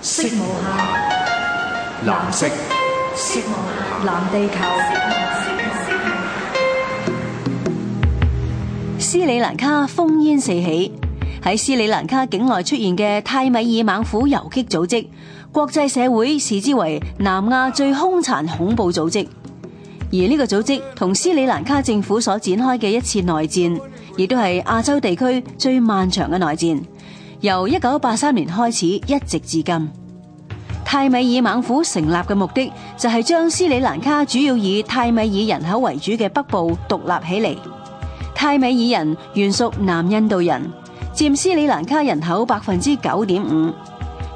色無暇，藍色，色無暇藍地球。斯里蘭卡烽煙四起，喺斯里蘭卡境內出現嘅泰米爾猛虎游擊組織，國際社會視之為南亞最凶殘恐怖組織。而呢個組織同斯里蘭卡政府所展開嘅一次內戰，亦都係亞洲地區最漫長嘅內戰。由一九八三年開始一直至今，泰米爾猛虎成立嘅目的就係將斯里蘭卡主要以泰米爾人口為主嘅北部獨立起嚟。泰米爾人原屬南印度人，占斯里蘭卡人口百分之九點五，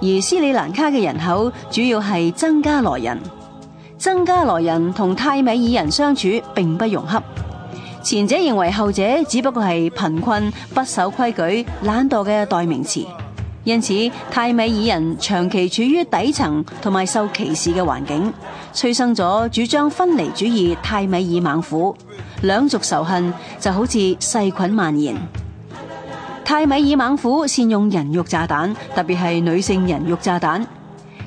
而斯里蘭卡嘅人口主要係僧伽羅人，僧伽羅人同泰米爾人相處並不融洽。前者認為後者只不過係貧困、不守規矩、懶惰嘅代名詞，因此泰米爾人長期處於底層同埋受歧視嘅環境，催生咗主張分離主義泰米爾猛虎，兩族仇恨就好似細菌蔓延。泰米爾猛虎善用人肉炸彈，特別係女性人肉炸彈。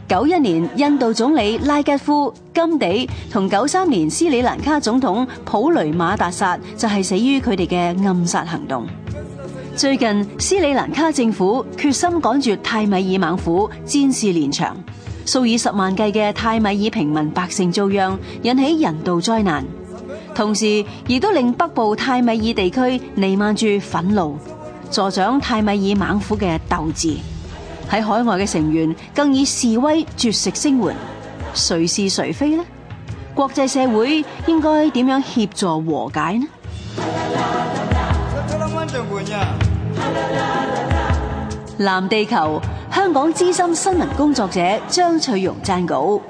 九一年印度總理拉吉夫甘地同九三年斯里蘭卡總統普雷馬達薩就係死於佢哋嘅暗殺行動。最近斯里蘭卡政府決心趕住泰米爾猛虎戰事連場，數以十萬計嘅泰米爾平民百姓遭殃，引起人道災難，同時亦都令北部泰米爾地區彌漫住憤怒，助長泰米爾猛虎嘅鬥志。喺海外嘅成員更以示威絕食聲援，誰是誰非呢？國際社會應該點樣協助和解呢？藍地球香港資深新聞工作者張翠蓉撰稿。